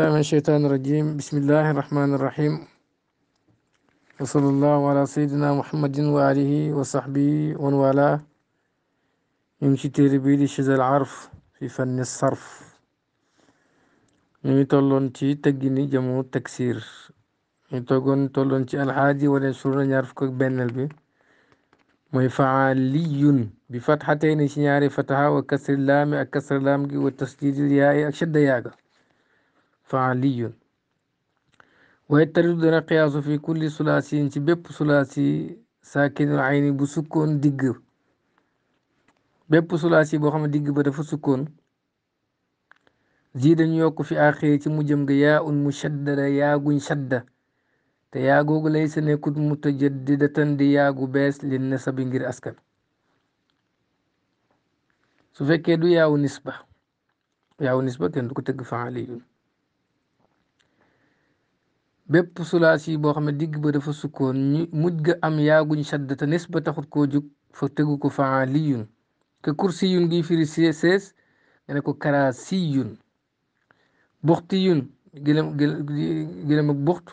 الله من الشيطان الرجيم بسم الله الرحمن الرحيم وصلى الله على سيدنا محمد وآله وصحبه ومن والاه يمشي تيربي لشذا العرف في فن الصرف نمي تولون تي تجيني جمو تكسير نمي تولون تولون تي الحادي ولا سورة نعرف كوك بين البي مي فعالي بفتحتين شنياري فتحة وكسر اللام أكسر اللام وتسجيل الياء أكشد ياغا faaliyun waaye taridu dana xiyaasu fi kulli sulaasiyin ci bépp sulaasi saakinul ayni bu sukkoon digg bépp sulaasi boo xam ne digg ba dafa sukkoon ji dañu fi axiri mu mujjëm ga yaa un mushaddada yaa guñ shadda te yaa googu lay sa nekkut mutajaddidatan yaa gu bees li nasabi ngir askan su fekkee du yaawu nisba yaawu nisba kenn du ko tëgg faaliyun bépp sulaasi boo xam ne digg ba dafa sukkoon ñu mujj ga am yaaguñ shadda te nes ba taxut koo jug fa tegu ko faaliyun ke kursiyun gi firi sees nga ne ko karaasiyun buxtiyun gëlëm gëlëm ak buxt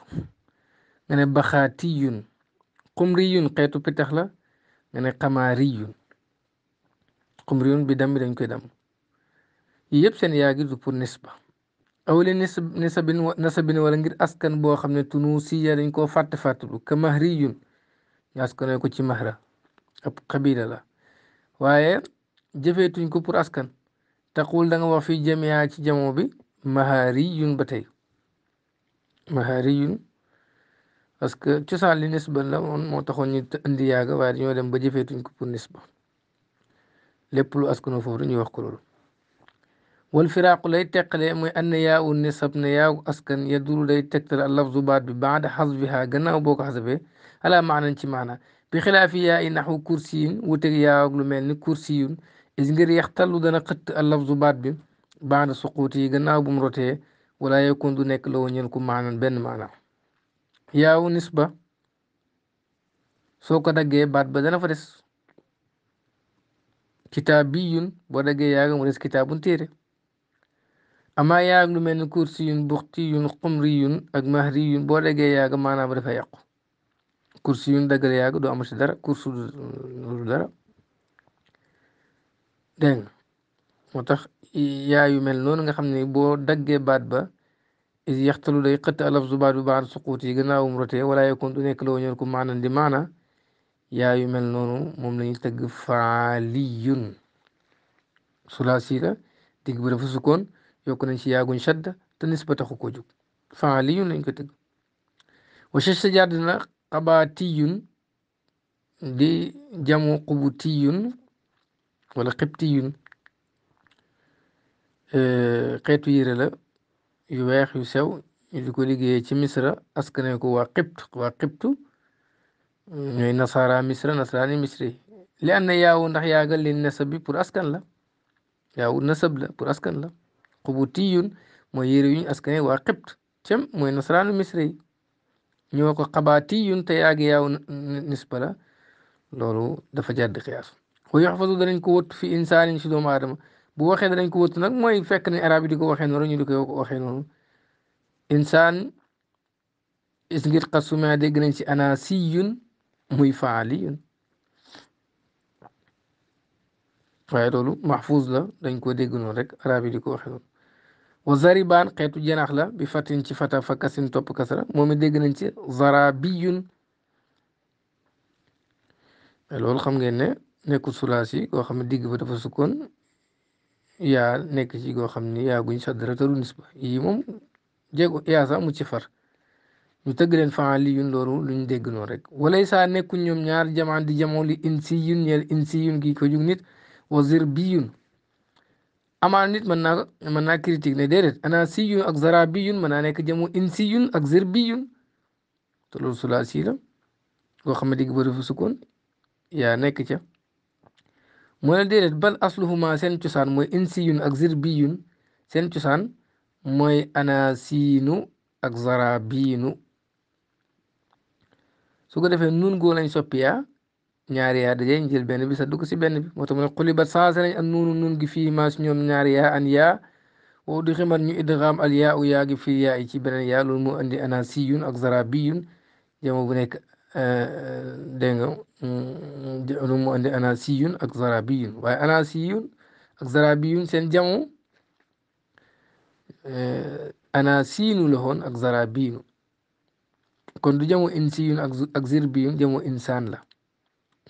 nga ne baxaatiyun xumriyun xeetu pitax la nga ne xamaariyun xumriyun bi dam bi dañ koy dam yëpp seen yaagi du pour nisba aw li nisab nisabin nasabin wala ngir askan boo xam ne tunu siya dañ koo fàtte fàttelu ka mahrijun ñu askanoo ko ci mahra ab xabila la waaye jëfeetuñ ko pour askan taqul danga wax fii jamia ci jamoo bi mahariyun ba tey mahariyun parce que cosaan li nisba la moom moo taxoon ñu indi yaaga waaye dañoo dem ba jëfeetuñ ko pour nisba lépp lu askanoo foofu dañuy wax ko loolu wal firaaqu lay teqale mooy ann yaawu nisab ne yaawu askan yaduru day tegtal al lafzu baat bi baada xasbiha gannaaw boo ko xasabee maanan ci maana bi xilaafi yaa i naxu kursiyin wuteg yaawag lu mel ni kursiyun is ngir yaxtallu dana al lafzu baat bi baada suquuti yi gannaaw bu mu rotee yakun du nekk loo ñeel maanan benn maana yaawu nisba soo ko daggee baat ba dana fa des kitaabiyun boo daggee yaaga mu kitaabun téere amaa yaag lu mel ni kursiyun buxtiyun xumriyun ak mahriyun boo daggee yàgg maanaam dafa yàqu kursiyun daggal yàgg du amati dara kursu du dara dégg nga moo tax yaayu mel noonu nga xam ni boo daggee baat ba is yaxtalu day xëtt alaf zu baat bu baax suquut yi gannaawum wala yakun du nekk loo ñor ko maanaam di maana yaayu mel noonu moom la ñuy faaliyun sulaasi la ba dafa sukkoon yokk nañ ci yaaguñ shadda te nisba taxu ko jóg faaliyun lañ ko tëgg wa shashta jaar dina di jamu xubutiyun wala xibtiyun xeetu yére la yu weex yu sew ñu di ko liggéeyee ci misra askane ko waa xibt waa xibtu ñooy nasara misra misri li ànd na yaawu ndax yaagal li nasab bi pour askan la yaawu nasab la pour askan la xubutiyun mooy yére yu ñu askane waa xibt cem mooy nasaraanu misra yi ñoo ko xabaatiyun te yaagi yaaw nisba loolu dafa jàdd xiyaas wa yaxfasu danañ ko wëtt fi insaanin si doomu aadama bu waxee danañ ko wëtt nag mooy fekk ne arab yi di ko waxee noonu ñu di ko waxee noonu insaan is ngir xasuma dégg nañ ci anasiyun muy faaliyun waaye loolu maxfuus la dañ koo dégg noonu rek arab yi di ko waxee noonu wa zaribaan xeetu janax la bi fatin ci fata fa kasin topp kasara moom it dégg nañ ci zarabiyun loolu xam ngeen ne nekkul sulaas yi goo xam ne digg ba dafa sukkoon yaa nekk ci goo xam ni yaa guñ saddara te runis ba moom jéego yaa sax mu ci far mu tëgg leen faan li yun loolu luñ dégg noonu rek walay saa nekkuñ ñoom ñaar jamaan di jamono li insiyun ñeel insiyun gi ko jug nit wa amaana nit mën naa ko mën naa critique ne déedéet anasiyun ak zarabiyun mën naa nekk jëmu insiyun ak zirbiyun te loolu sulaasi la boo xam ne fu sukkoon yaa nekk ca mu ne déedéet bal asluhuma seen cosaan mooy insiyun ak zirbiyun seen cosaan mooy anasiinu ak zarabiyinu su ko defee nun goo lañ soppi ñaari yaa dajee ñu jël benn bi sa dugg si benn bi moo tax mu ne xuli bat saase nañ nun gi fii maa si ñoom ñaari yaa an yaa woo di ximat ñu idgaam al yaa u yaa gi fii yaa yi ci beneen yaa loolu moo andi anasiyun ak zarabiyun jamo bu nekk eh, eh, nga mm, loolu moo ak zarabiyun waaye anasiyun ak zarabiyun seen jamo eh, anasinu la woon ak zarabiyun kon du jamo insiyun ak zirbiyun jamo insaan la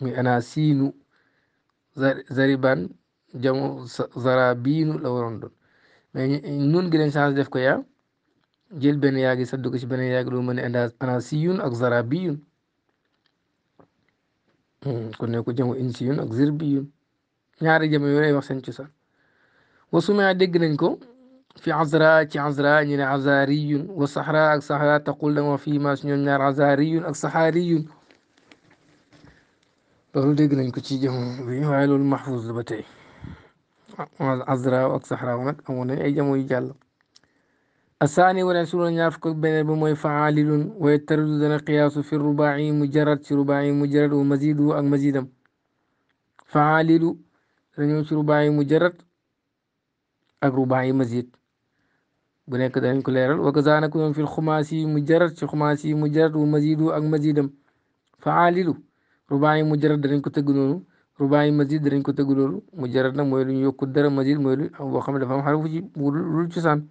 mi anasinu zariban jamo zarabinu la waroon doon mais nun gi dañ change def ko yaa jël benn yaa gi saddu ko ci benn yaa gi lu mën a anasiyun ak zarabiyun hmm, kon ne ko jamo insiyun ak zirbiyun ñaari jamo yooyu wax seen cosaan wa sumea dégg nañ ko fi azra ci azra ñu ne azariyun wa saxra ak saxra taqul dama fi ma su ñoom ñaar azariyun ak saxariyun بغل دغلن كتي جهم بيو عيلو المحفوظ لبتي عزراء وأكسحراء ونك أمون أي جمو يجال الثاني ورسول الله نعرف كل بين ربما يفعالل ويترد دنا قياس في الرباعي مجرد في رباعي مجرد ومزيد ومزيد فعالل رنيو في رباعي مجرد أقرباعي مزيد بنك دارين كليرال وكذا في الخماسي مجرد في خماسي مجرد ومزيد ومزيد فعالل rubaa yi mujarrad danañ ko tëgg noonu rubaa yi mazid danañ ko tëgg loolu mujarrad nag mooy lu ñu yokku dara mazid mooy lu boo xam ne dafa am xarfu ci lu cosaan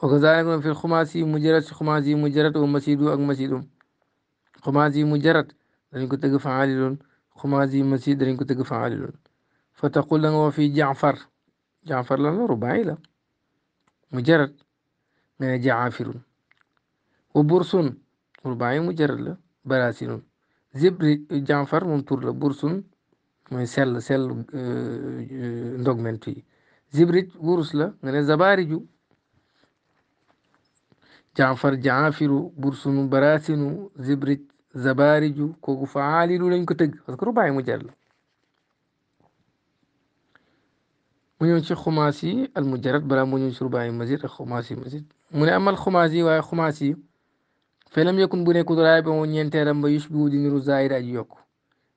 wa kazaalika fi xumaas yi mujarrad si xumaas yi mujarrad wa masidu ak masidum xumaas yi mujarrad danañ ko tëgg faali loon xumaas yi masid danañ ko tëgg faali loon fa taqul la nga wax fii jaafar jaafar lan la rubaa yi la mujarrad nga ne jaafirun wa bursun rubaa yi mujarrad la barasino zibri janfar moom tur la bursun mooy sell sell ndogmentu yi zibrit wurus la nga ne zabariju janfar jaafiru bursun barasino zibrit zabariju kooku faalilu lañ ko tëgg parce que rubaay mu jar la mu ñëw ci xumaas yi al mujarad balaa mu ñëw ci rubaay mazid ak xumaas yi mazid mu ne amal xumaas yi waaye xumaas yi felam yakun bu nekkul raabiu ñeenteeram ba yushbihu di niru zaayir aji yokk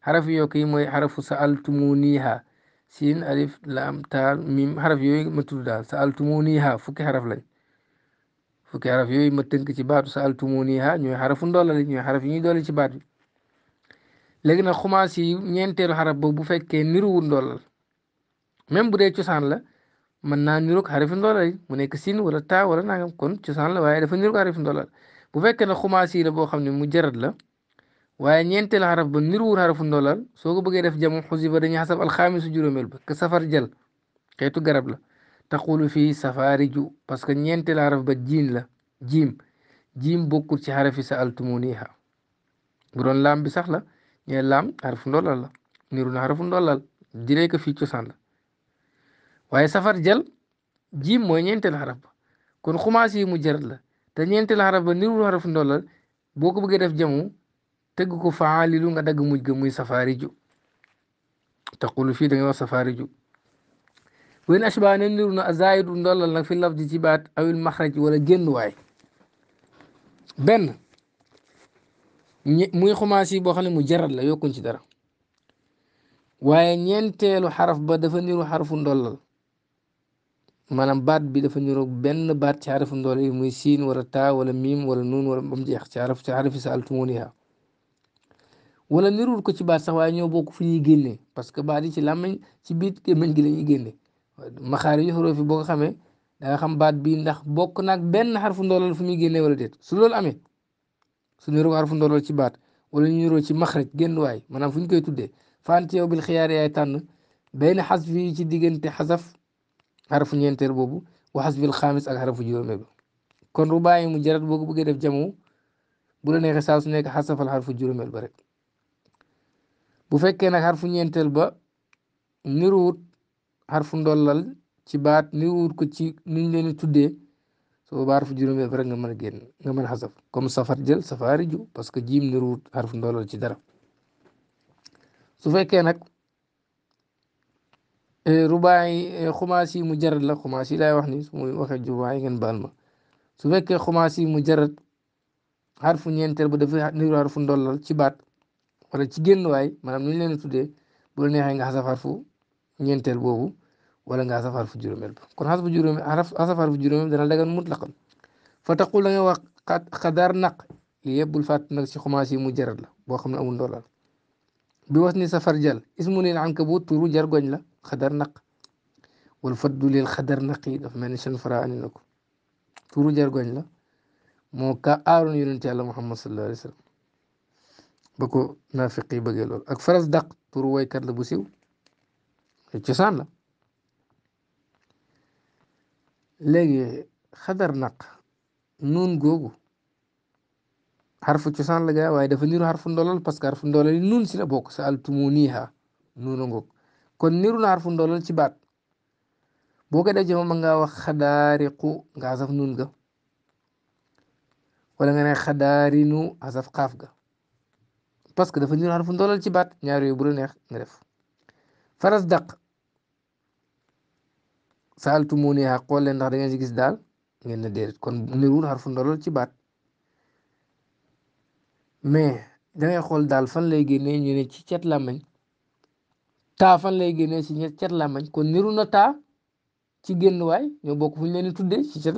xaraf yokk yi mooy xarafu saaltumuuniha siin alif laam taa mim xaraf yooyu ma tudd daal saaltumuuniha fukki xaraf lañ fukki yooyu ma tënk ci baatu saaltumuuniha ñooy xarafu ndolla li ñooy xaraf yi ñuy dolli ci baat bi léegi nag xumaas yi ñeenteelu xaraf boobu bu fekkee niruwul ndollal même bu dee cosaan la mën naa niruk xarafi ndollal mu nekk siin wala taa wala nangam kon cosaan la waaye dafa niruk xarafi ndollal bu fekkee ne xumaas yi la boo xam ne mu jarat la waaye ñeenteel xaraf ba niruwul xarafu ndolal soo ko bëggee def jamu xusiba al xasab alxaamisu juróomeel ba ka safar jal xeetu garab la taqulu fii ju parce que ñeenteel xaraf ba jiin la jiim jiim bokkul ci xarafi sa altumuniha bu doon laam bi sax la ñee laam xarafu ndolal la niru na xarafu ndolal diree ko fii cosaan la waaye safar jal jiim mooy ñeenteel xaraf ba kon xumaas yi mu la te ñeenti la xaraf ba nirul xaraf ndollal boo ko bëggee def jamu tëgg ko faalilu nga dagg mujj ga muy safaari ju taqulu fii da nga wax safaari ju wen ashbaa ne niru na azaayidu ndollal nag fi lafdi ci baat awil maxraj wala génnuwaay benn muy xumaas yi boo xam ne mu jaral la yokkuñ ci dara waaye ñeenteelu xaraf ba dafa niru xarfu ndollal maanaam baat bi dafa niroog benn baat ci xarafu ndoole yi muy siin wala taa wala miim wala nuun wala ba mu jeex ci xaraf ci xarafi saaltumuuniha wala nirul ko ci baat sax waaye ñoo bokk fu ñuy génnee parce que baat yi ci làmmiñ ci biir gémmiñ gi la ñuy génne maxaari yu xuroof yi boo ko xamee da nga xam baat bi ndax bokk naag benn xarfu ndoolal fu muy génnee wala déet su loolu amee su niroog xarfu ndoolal ci baat wala ñu niroo ci maxraj génn waay maanaam fu ñu koy tuddee fant yow bil xiyaar yaay tànn benn xas fii ci diggante xasaf xarafu ñeenteel boobu waxas bil xaamis ak xarafu juróomeelu kon rubaayi mu jarat boo ko bëggee def jamu bu la neexee saa su nekk xasafal xarfu juróomeel ba rek bu fekkee nag xarfu ñeenteel ba niruwut xarfu ndollal ci baat niruwut ko ci niñ leen di tuddee su boobaa xarfu juróomeel ba rek nga mën a génn nga mën a xasaf comme safar jël safaari ju parce que jiim niruwut xarfu ndollal ci dara su fekkee nag Eh, rubaay yi eh, xumaas yi mu jarat la xumaas yi laay wax ni su muy waxee jubaay ngeen baal ma su fekkee xumaas yi mu jarat xarfu ñeenteel ba dafa niru xarfu ndollal ci baat wala ci génn maanaam nu ñu leen tuddee bu la neexee nga xasaf xarfu ñeenteel boobu wala nga xasaf xarfu juróomeel ba kon xasaf juróomi xasaf xarfu juróomeel dana dagan mutlaqan fa taqul la nga wax xadaar naq li yëpp bul fàtt nag si xumaas yi mu jarat la boo xam ne amul ndollal bi wax ni safar jal ismu ne ankabut turu jargoñ la xadar naq wal faddu lil xadar naq yi dafa mel ni seen fara ani na ko tuuru la moo ka aaroon yonent yàlla muhammad sallallahu alayhi wa sallam ba ko naafiq ak faras daq tuuru waykat la bu siw cosaan la léegi xadar naq nuun googu xarfu cosaan la gaa waaye dafa niru xarfu ndoolal parce que xarfu ndoolal yi nuun si la bokk sa al tumuniha kon niru naar fu ndoolal ci baat boo ko def ci moom nga wax xadaariqu nga asaf nun ga wala nga ne xadaarinu asaf xaaf ga parce que dafa niru naar fu ndoolal ci baat ñaar bu la neex nga def faras daq saaltu ne xool leen ndax da ngeen si gis daal ngeen ne déedéet kon niruwul xarfu ndolal ci baat mais da xool daal fan lay génnee ñu ne ci cet làmmeñ taa fan lay génnee si cet làmmañ kon niru na taa ci génn waay ñoo bokk fu ñu leen di tuddee si cet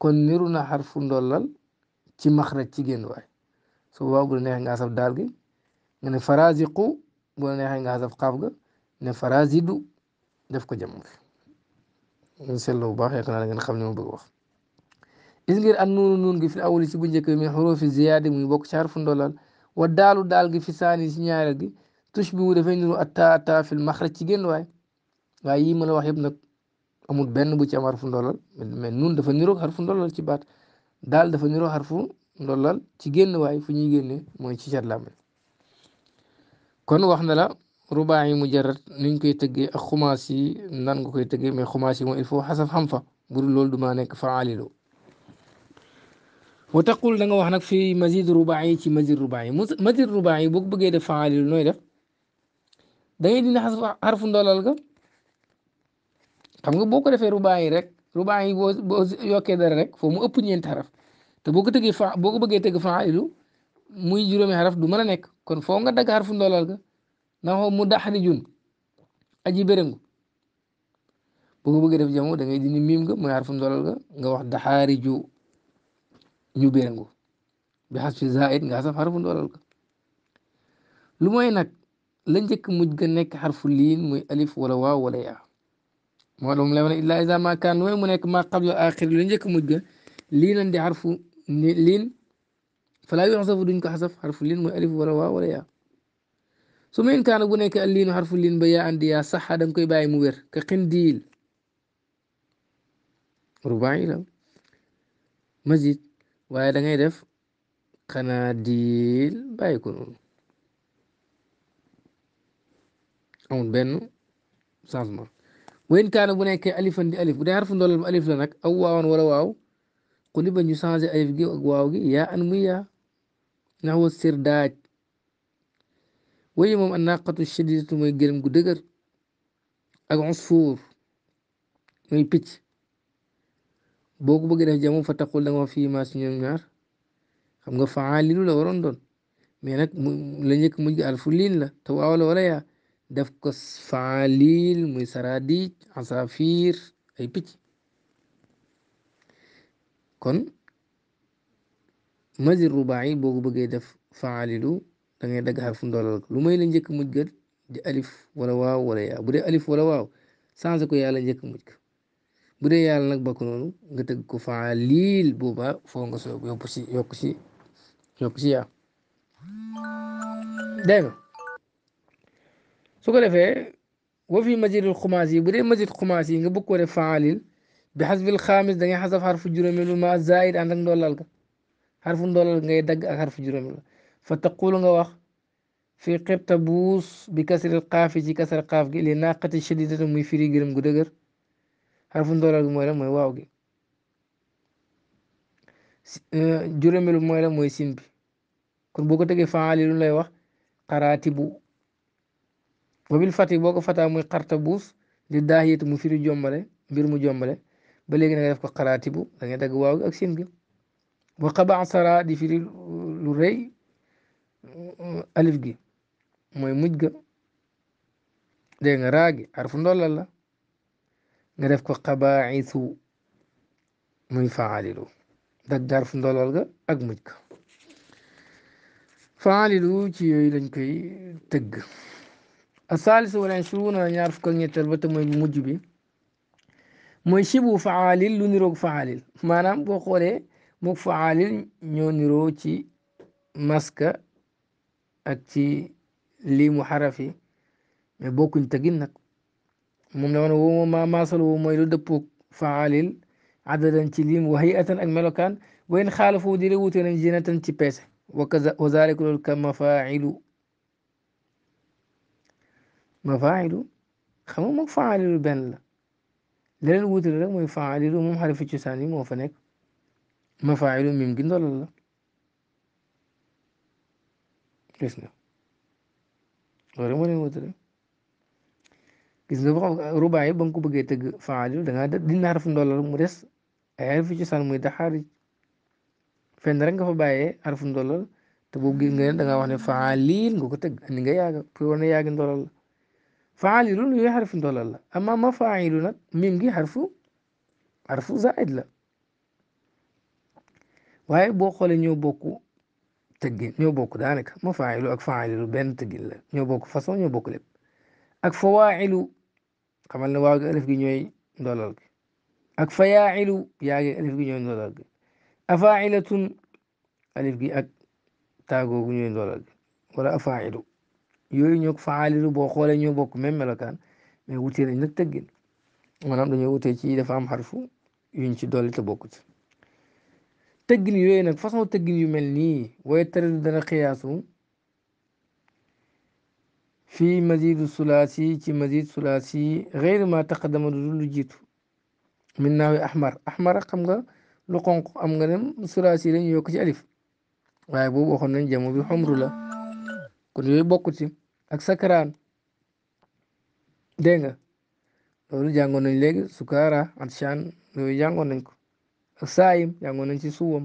kon niru na xarfu ndollal ci maxraj ci génn waay su boobaa bu la neexee nga asaf daal gi nga ne faraziqu bu la neexee nga asaf xaaf ga ne farazidu def ko jam bi ñu seetlu bu baax yaakaar naa ngeen xam ne ma bëgg wax is ngir an nuunu gi fi awali ci bu njëkk min xurufi ziyaadi muy bokk ci xarfu ndollal wa daalu daal gi fi saani si ñaareel gi tush bi mu dafay niru atta atta fil maxraj ci génn waay waaye yii ma la wax yëpp nag amul benn bu ci am xarfu ndollal mais dafa niroog xarfu ndollal ci baat daal dafa niroog xarfu ndollal ci génn waay fu ñuy génne mooy ci cat làmmiñ kon wax na la rubaa yi mujarrad niñ koy tëggee ak xumaas yi nan koy tëggee mais xumaas yi moom il faut xasaf xam fa bu loolu du maa nekk faalilu wa taqul da nga wax nag fii mazid rubaay ci mazid rubaay mazid rubaay boo ko bëggee def faalilu nooy def da ngay dindi xarfu ndoolal ga xam nga boo ko defee rubaay rek rubaay boo boo yokkee dara rek foo mu ëpp ñeenti xaraf te boo ko tëggee fa boo ko bëggee tëgg faalilu muy juróomi du mën a nekk kon foo nga dagg ga na xoo mu daxrijun aji béréngu boo ko bëggee def jamoo da ngay dindi miim nga wax daxaariju jubee ngu bi xas fi zaid nga xasaf xarfu ndoolal ko lu mooy nag la njëkk mujj ga nekk xarfu liin muy alif wala waaw wala yaa moo doon lay wane illaa isa ma kaan mooy mu nekk ma qabla axir la njëkk mujj ga liinan di xarfu liin falaa yu xasafu duñ ko xasaf xarfu liin muy alif wala waaw wala yaa su ma in kaana bu nekk alliinu xarfu liin ba yaa andi yaa saxa da nga koy bàyyi mu wér ka xindiil rubaay la masjid waaye da ngay def xanaa diil bàyyi ko noonu amul benn changement wayn kaana bu nekkee alifan di alif bu dee xarfu ndollal alif la nag aw waawan wala waaw xuli ba ñu changé alif gi ak waaw gi yaa an muy yaa ndax wa sir daaj wayi moom a naqatu shadidatu mooy gërëm gu dëgër ak usfuur mooy picc boo ko bëggee def jamu fa taqul da fii maa si ñoom ñaar xam nga faalilu la waroon doon mais nag mu la njëkk mujj alfu liin la te waaw la wala yaa def ko faalil muy saradiij asafir ay picc kon mazir rubaayi boo ko bëggee def faalilu da ngay dagg xarfu ndoolal ko lu may la njëkk mujj ga di alif wala waaw wala yaa bu alif wala waaw changé ko yàlla njëkk mujj ga bu dee yàlla nag bokk noonu nga tëgg ko faa liil boobaa foo nga soog yokk si yokk si yokk si yaa dégg nga su ko defee wa fi mazidul xumaas yi bu dee mazid xumaas yi nga bëgg ko def faa liil bi xasbil xaamis da ngay xasaf xarfu juróomeel ma zaid ànd ak ndollal ga xarfu ndollal ngay dagg ak xarfu juróomeel fa taqulu nga wax fi xibta buus bi kasril xaafi ci kasar xaaf gi li naqati shadidati muy firi gërëm gu dëgër xarfu ndollal gi mooy lan mooy waaw gi euh, juróomeelu mooy lan mooy sin bi kon boo ko tegee faali lu lay wax xaraatibu wabil fati boo ko fataa muy xartabuus di daahiyatu mu firi mbir mu jombale ba léegi da nga def ko xaraatibu da ngay dagg waaw gi euh, gi boo xaba sara di ga dégg nga raa la nga def ko xabaayisu muy faalilu dag garfu ndolool ga ak mujj ka faalilu ci yooyu lañ koy tëgg asaalisu wala ishruna ñaar fukk ak ñetteel ba te mooy bu mujj bi mooy shibu faalil lu niroog faalil maanaam boo xoolee moog faalil ñoo niroo ci maska ak ci liimu xarafi mais bokkuñ tëggin moom la ma ne woo ma maasal woo mooy lu dëppoog faalil adadan ci lim wa hayatan ak melokaan wayn xaalafu di la wute nañ jinatan ci peese wa zaalika loolu ka mafaa'ilu mafaa'ilu xam nga moom faalilu benn la leneen wute rek mooy faalilu moom xarifu cosaan yi moo fa nekk mafaa'ilu mim gi ndolal la gis nga loolu moo leen wute rek gis nga rubaay yi ba nga ko bëggee tëgg faalilu da ngaa dindi xarfu ndollal mu des ay xarfu cosaan muy daxaari fenn rek nga fa bàyyee xarfu ndollal te boobu gis nga ne da ngaa wax ne faalil nga ko tëgg ni nga yaaga pour wane yaagi ndollal la faalilu amma ma faailu nag mim gi xarfu xarfu zaid la waaye boo xoolee ñoo bokk tëggin ñoo bokk daanaka ma faailu ak faalilu benn tëggin la ñoo bokk façon ñoo bokk lépp ak fawaa'ilu xamal ne waaw gi alif gi ñooy ndolal gi ak fayaacilu yaa gi alif gi ñooy ndolal gi afaacilatun alif gi ak taagoogu ñooy ndolal gi wala afaacilu yooyu ñoo faalilu boo xoolee ñoo bokk même melokaan mais wutee nañ nag tëggin maanaam dañoo wutee ci dafa am xarfu yuñ ci dolli te bokku ci tëggin yooyu nag façon tëggin yu mel nii waaye tëral dana xiyaasu fii mazidu sulaasi ci mazid sulaasi xeyru ma taqaddama du lu jiitu min naawi ahmar ahmar xam nga lu xonq am nga ne sulaasi lañu yokk ci alif waaye boobu waxoon nañ jamo bi xomru la kon yooyu bokku ci ak sakaraan dégg nga loolu jàngoon nañ léegi sukaara atshan yooyu jàngoon nañ ko ak saayim jàngoon nañ ci suwam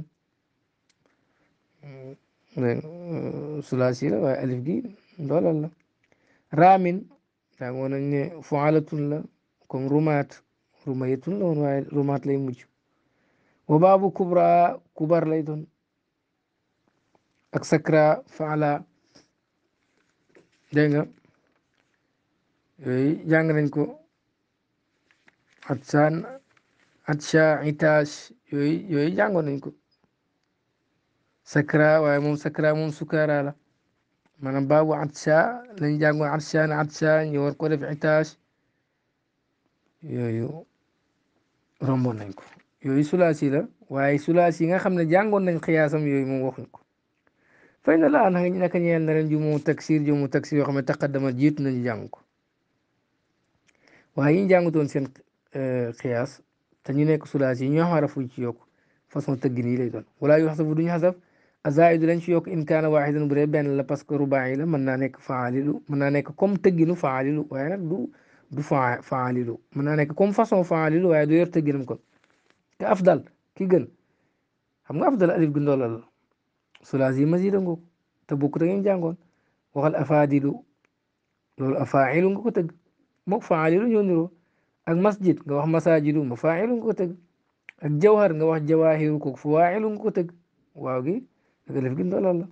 sulaasi la waaye alif gi doolal la raamin daa ngi woon ne fualatun la comme rumaat rumayatun la woon rumaat lay mujj wa baabu kubra kubar lay doon ak sakra faala dégg nga yooyu jàng nañ ko atsaan atsha itaas yooyu yooyu jàngoon nañ ko sakra waaye moom sakra moom sukara la maanaam baabu atsa lañu jàngoon atsaan atsa ñu war ko def itaas yooyu romboon nañ ko yooyu sulaasi la waaye sulaasi yi nga xam ne jàngoon nañ xiyaasam yooyu wax waxuñ ko fay na laa naka ñeel na leen jumu taksir jumu taksir yoo xam ne taqaddama jiitu nañu jàng ko waaye yi ñu jàngutoon seen e, xiyaas te ñu nekk sulaasi yi ñoo xarafu ci yokk façon tëgg nii lay doon wala yu xasaf duñu xasaf azaidu lañ ci yokk in kaana waaxidan bu dee benn la parce que rubaay la mën naa nekk faalilu mën naa nekk comme tëgginu faalilu waaye du du fa faalilu mën naa nekk comme façon faalilu waaye du yor kon te afdal ki gën xam nga afdal alif gi ndoolal la sulaas yi masida nga ko te bokk da ngeen jàngoon waxal afaadilu loolu afaa'ilu nga ko tëgg mook faalilu ñoo niroo ak masjid nga wax masaajidu mafaa'ilu nga ko tëgg ak jawhar nga wax jawaahiru ko fawaa'ilu nga ko tëgg waaw gi nga def gi ndolal la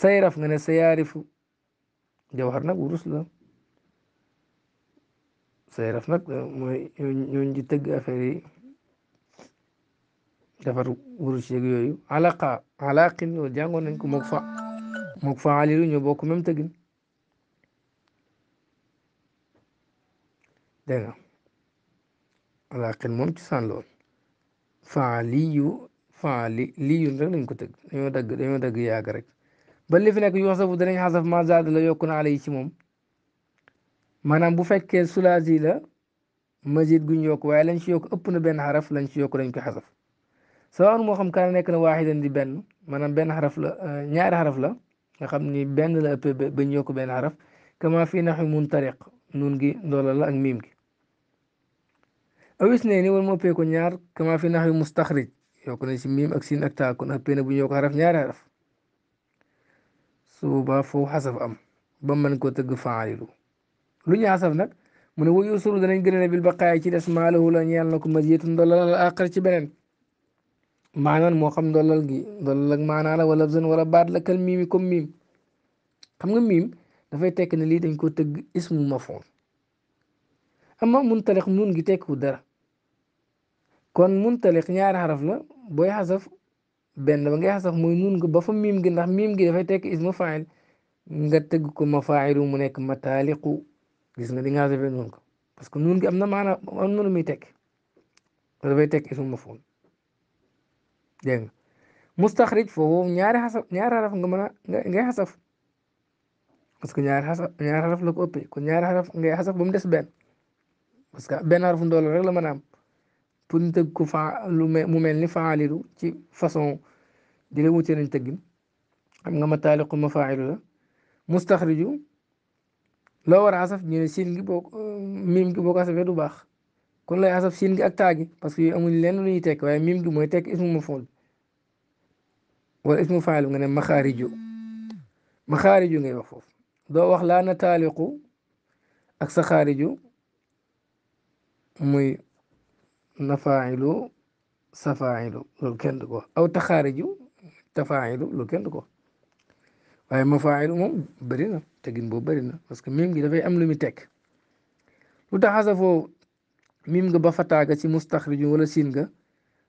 sayraf nga ne sayaarifu nag wurus la sayraf nag eh, mooy ñooñ ji tëgg affaire yi defar wurus yeg yooyu alaqa alaqin loolu jàngoon nañ ko mook fa mook fa alilu ñoo bokk même tëggin alaqin moom ci saan lool fa waaw lii yun rek lañ ko tëgg dañoo dagg dañoo dagg yàgg ba li fi nekk yu xasafu danañ xasaf ma zaada la yokku na ala yi ci moom maanaam bu fekkee sulaasi la mazid guñ yokk waaye lañ ci yokk ëpp na benn xaraf lañ ci yokk dañ ko xasaf sawaanu moo xam kaana nekk na waaxidan di benn maanaam benn xaraf la euh, ñaari xaraf la nga xam ni benn la ëpp bañ yokk benn xaraf kama fii naxwi muntariq nun gi ndoola la ak miim gi awis ne ni wala mu ëppee ko ñaar kama fii naxwi mustaxrij yokk nañ si miim ak siin ak taa kon xëppee na bu ñu yokk xaraf ñaari xaraf su boobaa foofu xasaf am ba mën koo tëgg faalilu lu ñu xasaf nag mu ne wuyu suru danañ gën a ne bil baqaay ci des maalahu la ñeel na ko masiyatu ndolal al aqar ci beneen maanaan moo xam ndolal gi ndolal ak maanaa la wala zone wala baat la kal miimi comme miim xam nga miim dafay tekk ne lii dañ koo tëgg ismu mafoon amma mun talex nun gi tekkiwul dara. kon muntaliq ñaari xaraf la booy xasaf benn ba ngay xasaf mooy nun nga ba fa miim gi ndax miim gi dafay tekk ismu faayil nga tëgg ko mafaayilu mu nekk mataaliqu gis nga di nga xasafee nun ko parce que nun gi am na maana am na lu muy tekk dafay tekk ismu mafuul dégg nga mustaxrij foofu ñaari xasaf ñaari xaraf nga mën a ngay la ko ëppee kon ñaari xaraf ngay xasaf ba mu des benn parce que benn xarafu ndool rek la mën am pour ñu tëgg ko faa lu mu mel ni faalilu ci façon di la wutee nañ tëggin nga ma taaliqu ma faalilu la mustaxriju loo war a asaf ñu ne gi boo miim gi boo ko asafee du baax kon lay asaf siin gi ak taagi parce que yooyu amuñ lenn lu ñuy tekk waaye miim gi mooy tekk ismu mafool wala ismu faalilu nga ne maxaariju maxaariju ngay wax foofu doo wax laa na taaliqu ak sa xaariju muy nafaayilu safaayilu loolu kenn du ko wax aw taxaariju tafaayilu loolu kenn du ko wax waaye mafaayilu moom bëri na tegin boobu bëri na parce que mim gi dafay am lu muy teg lu tax xasafoo mim nga ba fataaga ci mustaxriju wala siin nga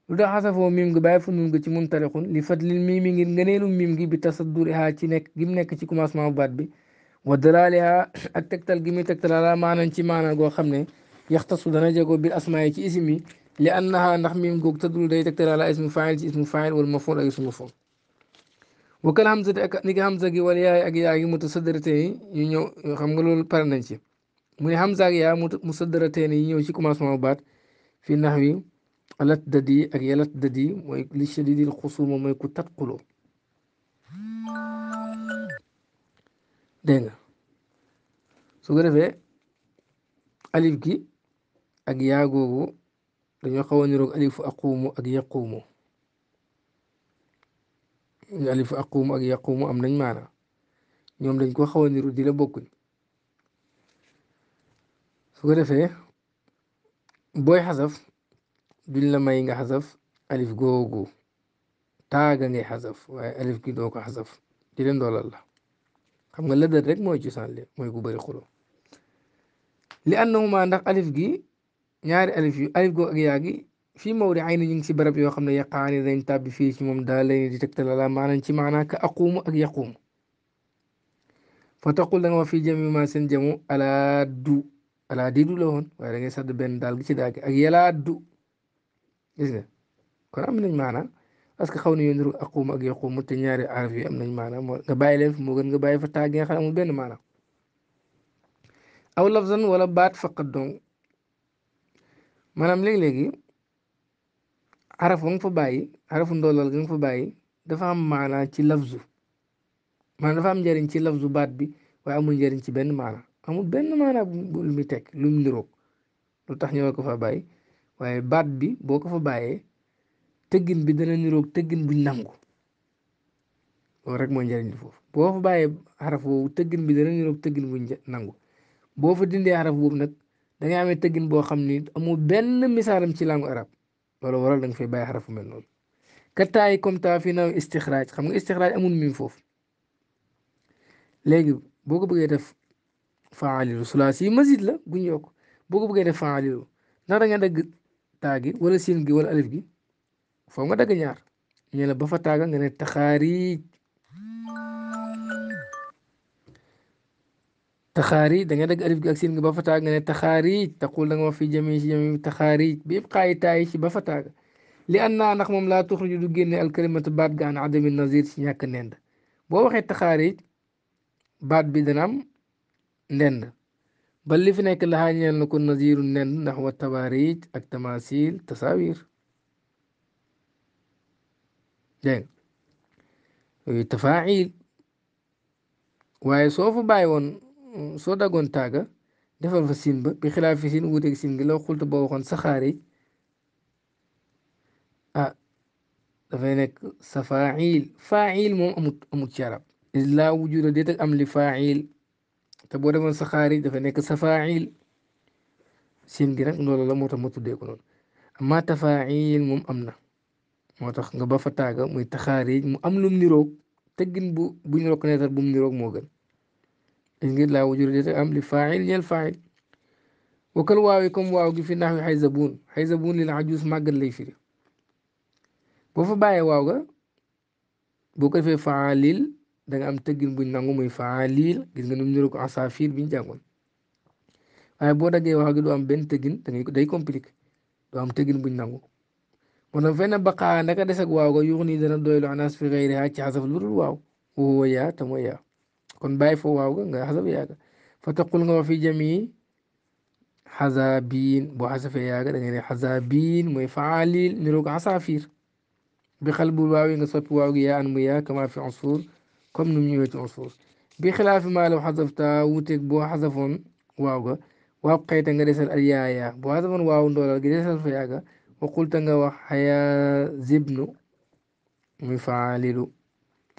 lu tax xasafoo mim nga bàyyi fa nun nga ci mumtaliqun li fadlil mimi ngir ngëneelu mim gi bi tasadduriha ci nekk gi mu nekk ci commencement bu baat bi wa dalaaliha ak tegtal gi muy tegtal ala maanaam ci maanaam goo xam ne yaxtasu dana jegoo biir asmaa yi ci isim yi li annaha ndax miim googu tadul day tegtal ala ismu faayil ci ismu faayil wala mafuul ak ismu mafuul wa kal hamza ni ki hamza gi wala yaay ak yaa gi mutasaddaratayni ñëw xam nga loolu pare nañ ci mu ne hamza ak yaa mutasaddaratayni yi ñëw ci commencement baat fi naxwi alat dadi ak yalat dadi mooy li shadidil xusuuma mooy ku tatquloo dégg nga su ko defee alif gi ak yaa googu dañoo xaw a niroog alifu aquumu ak yaquumu alifu aquumu ak yaquumu am nañ maana ñoom dañ koo xaw a niru di la bokkuñ su ko defee booy xasaf duñ la may nga xasaf alif googu taaga ngay xasaf waaye alif gi doo ko di leen doolal la xam nga lëdër rek mooy cosaan li mooy ku bëri xulo li ànd na ndax alif gi ñaari alif yu alif goo ak yaa gi fii mawdi ay ñu ngi si barab yoo xam ne yaqaani dañ tàbbi fii ci moom daal lay di tegtal la maanaam ci maana ka aquumu ak yaquumu fa taqul da nga wax fii jami ma seen jamu alaa du alaa diidu la woon waaye da ngay sadd benn daal gi ci daal gi ak yalaa du kon am nañ maanaa parce que xaw na yoon niru aquumu ak yaquumu te ñaari araf yi am nañ maanaa moo nga bàyyi leen fi moo gën nga bàyyi fa taag gi nga xam ne amul benn aw lafzan wala baat fa dong maanaam léegi-léegi araf wa fa bàyyi arafu ndollal ga nga fa bàyyi dafa am maanaa ci lafzu maanaam dafa am njëriñ ci lafzu baat bi waaye amul njëriñ ci benn maana amu benn maana bu lu muy teg lu mu niroog lu tax ñëwee ko fa bàyyi waaye baat bi boo ko fa bàyyee tëggin bi dana niroog tëggin buñ nangu loolu rek mooy njëriñ li foofu boo bàyyee araf boobu tëggin bi dana niroog tëggin nangu boo fa dindee araf boobu nag da amee tëggin boo xam ni amul benn misaalam ci langue arab loolu waral da nga fay bàyyi xarafu mel noonu ka taayi comme taa fii naw istixraaj xam nga istixraaj amul mim foofu léegi boo ko bëggee def faalilu sulaasi masid la guñ yokk boo ko bëggee def faalilu ndax da nga dagg taa gi wala siin gi wala alif gi foo nga dagg ñaar ñu ne la taaga nga ne taxaariij taxaari da nga dagg alif gi ak siin gi ba fataaga nga ne taxaari taqul da nga wax fi jami ci jami taxaari bi yëpp xaayi taayi ci ba li an naa ndax moom laa tuxruju du génne alkalimatu baat ga an adami nazir ci ñàkk ndend boo waxee taxaari baat bi dana am ndend ba li fi nekk laxaa ñeel na ko naziru ndend ndax wa tabaarij ak tamasil tasawir dégg nga waaye soo fa soo daggoon taaga defal fa siin ba bi xilaafi siin wuuteeg siin gi law xultu boo waxoon saxaari ah dafay nekk sa faayil faayil moom amut amut ci arab laa wujuda am li faayil te boo defoon saxaari dafa nekk sa faayil siin gi nag loolu la moo tax ma tuddee ko noonu amma tafaayil moom am na moo tax nga ba fa taaga muy taxaari mu am lum niroog teggin bu bu ñu reconnaître bu mu niroog moo gën ngir laa wujur di am li faaxil ñeel faaxil wakkal waawi comme waaw gi fi naax wi xayzabuun xayzabuun li la xajuus màggat lay firi boo fa bàyyee waaw ga boo ko defee faalil da nga am tëggin buñ nangu muy faalil gis nga nu mu niru ko asafir biñ jàngoon boo daggee waaw benn tëggin da ngay day compliqué du am tëggin buñ nangu moo tax fenn ga yuux dana doylu anas fi xayriha ci asaf lu waaw woo yaa te mooy kon bàyyi foo waaw ga nga xasaf yaaga fa taqul nga wax fi jamii xazaabiin boo xasafee yaaga da nga ne xazaabiin mooy faaliil niroog xasaafiir bi xal bu waaw yi nga soppi waaw gi yaa an mu yaa kama fi usuur comme nu mu ñëwee ci usuur bi xilaafi maa law xasafta wuuteeg boo xasafoon waaw ga waaw xayta nga desal al yaayaa boo xasafoon waaw ndoolal gi desal fa yaaga wa qulta nga wax xayaa zibnu muy faalilu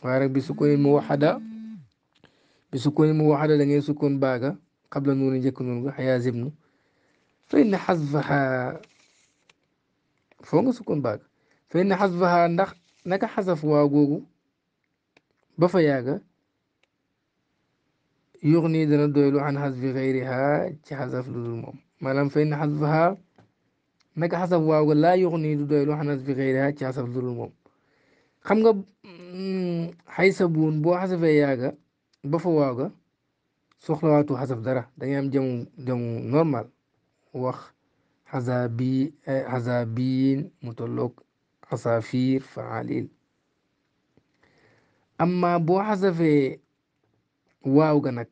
waaye rek bi sukkoon mu waxada bi sukkooni mu waxada da ngay sukkoon baaga xabla nuuni njëkk noonu nga xayaa zibnu fa inna xasfahaa foo nga sukkoon baaga fa inna xasfahaa ndax naka xasaf waa googu ba fa yaaga yuux nii dana doylu an xasfi xayriha ci xasaf lu dul moom maanaam fa inna xasfahaa naka xasaf waa googu laa yuux nii du doylu an xasfi xayriha ci xasaf lu dul moom xam nga xaysa mm, buun boo xasafee yaaga ba fa waaw ga soxlawaatu xasaf dara dangay am jamu jamu normal wax xasabi eh, xasabiin mu tolloog xasafiir faalil amma boo xasafee waaw ga nag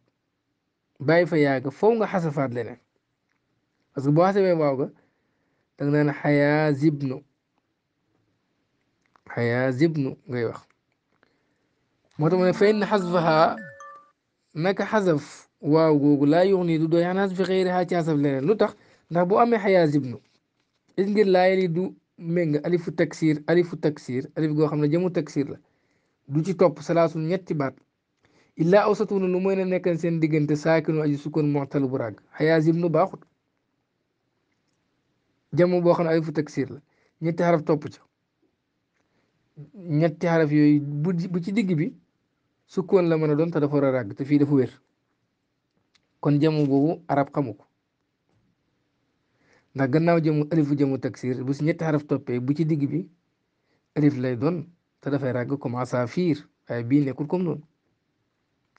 bàyyi fa yaaga foofu nga xasafaat leneen parce que boo xasafee waaw ga danga naan xayaa zibnu xayaa zibnu ngay wax ma ne fa in xasfaha naka xasaf waaw googu laa yox nii du doy xanaa su fi xëyri xaa ci lu tax ndax bu amee xayaa zibnu is ngir laay li du méng alifu taksir alifu taksir alif goo xam ne jëmu taksir la du ci topp salaasun ñetti baat illaa awsatuna lu mooy na seen diggante saakinu aji sukkoon moxtal bu ràgg xayaa zibnu baaxut jamu boo xam ne alifu taksir la ñetti xaraf topp ca ñetti xaraf yooyu bu ci digg bi sukkoon la mën a doon te dafa war a ràgg te fii dafa wér kon jëmu boobu arab xamu ko ndax gannaaw jëmu alifu jëmu taksir bu si ñetti xaraf toppee bu ci digg bi alif lay doon te dafay ràgg comme asafiir waaye bii nekkul comme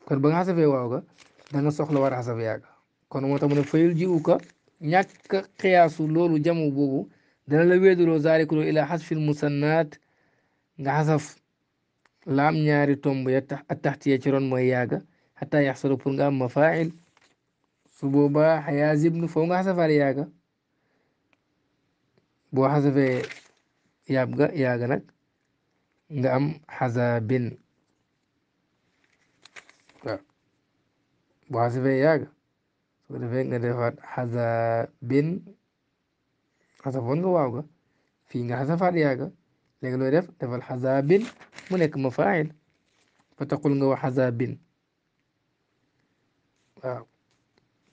kon ba nga xasafee waaw ga da nga soxla war a xasafee yàgg kon moo tax mu ne fayul jiwu ka ñàkk xiyaasu loolu jamu boobu dana la weeduloo zaarikuloo ilaa xasfil musannaat nga xasaf laam ñaari tomb ya tax a taxtiya mooy yaaga xataa yaxsalu pour nga am mafail su boobaa xayaa zibnu foo nga xasafaal yaaga boo xasafee yaab ga yaaga nag nga am xazaabin waaw boo xasafee yaaga su ko defee nga defaat xazaabin xasafoon nga waaw ga fii nga xasafaat yaaga léegi looy def defal mu nekk mafail fa taqul nga wax xasaabin waaw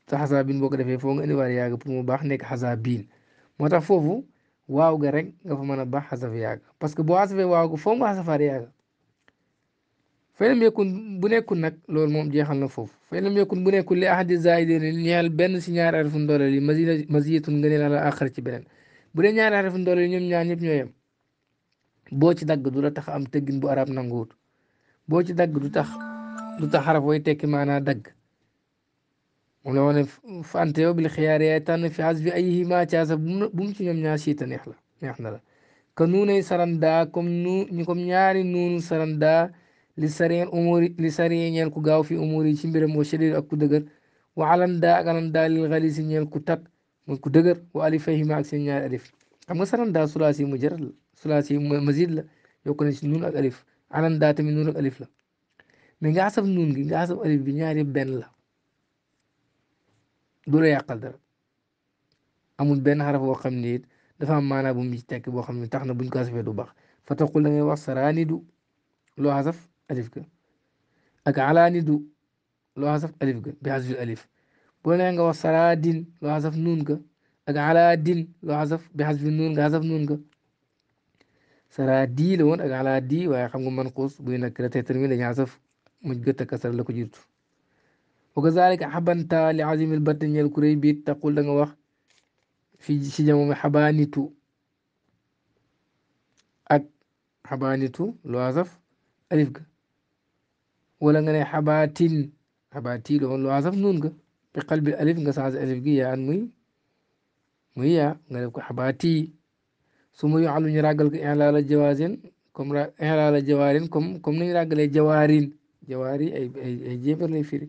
te xasaabin boo ko defee foo nga indiwaale yaaga pour mu baax nekk xasaabiin moo tax foofu waaw ga rek nga fa mën a baax xasaf yaaga parce que boo xasafee waaw ga foo nga xasafaat yaaga fay lam yekkun bu nekkul nag loolu moom jeexal na foofu fay lam yekkun bu nekkul li ahadi zaidin ñeel benn si ñaari arafun doole li masiyatun nga neel ala axar ci beneen bu dee ñaari arafun doole li ñoom ñaar ñëpp ñoo yem boo ci dagg du la tax am tëggin bu arab nanguwut boo ci dagg du tax du tax xaraf way tekki maana dagg moom la wane fa ante yow bil xiyaar yaay tànn fi xas bi ayihi maa caasa bu ci ñoom ñaar siita neex la neex na la ka nuunay saranda comme nu ñu comme ñaari nuunu saranda li sarien umuri li sarien ñeel ku gaaw fi umuri ci mbiram wa shadid ak ku dëgër wa alanda ak alanda lil ku tat mooy ku dëgër ak seen ñaari alif xam nga saranda sulaasi mu jaral la ثلاثي مزيد لا يكون نون الالف علن دات من نون الالف لا من حسب نون غي حسب الف بي نياري بن لا دولا يقال دار امول بن حرف بو خامني دا فا مانا بو مي تك بو خامني تاخنا بو نكاس دو باخ فتقول داغي واخ دو لو حسب الف ك اك علاني دو لو حسب الف ك بحذف الالف بو لا نغا واخ سرادين لو حسب نون ك اك علا دين لو حسب بحذف النون حسب نون saraa dii la woon ak alaa dii waaye xam nga manquus buy nakira te tanwin dañuy xasaf mujj gëtt kasar la ko jiitu wa kazalika xabanta li azimil batt ñeel ku rëy biit taqul da nga fi si jamono xabaanitu ak xabaanitu lu xasaf alif ga wala xasaf nuun ga bi qalbi alif nga saasi alif gi yaa muy muy yaa nga def ko xabaati su ma yoo xam ne ñu ràggal ko inlaala jawaarin comme ra inlaala jawaarin comme comme ni ñu ràggalee jawaarin jawaar yi ay ay ay jéefar lay firi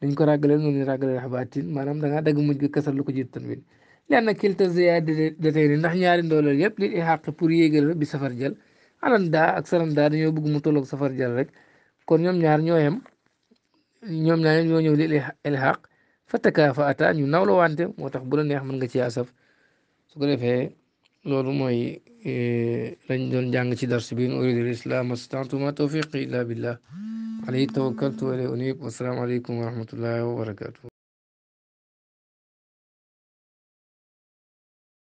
dañ ko ràggalee noonu ñu ràggalee xabaatin maanaam da ngaa dagg mujj gi kasar lu ko jiitu tanwin lenn kilta ziyaad da tey ni ndax ñaari ndooleel yëpp li xàq pour yéegal la bi safar jël alan daa ak saran daa dañoo bëgg mu tolloog safar jël rek kon ñoom ñaar ñoo yem ñoom ñaar ñoo ñëw li ilxaq fa takaafa ata ñu naw la wante moo tax bu la neex mën nga ci asaf su ko defee loolu mooy eh, lañ doon jàng ci dars bi in uridu al-islam mastata'tu ma tawfiqi illa billah alayhi tawakkaltu wa ilayhi unib wa salaamu alaykum wa rahmatullahi wa barakatuh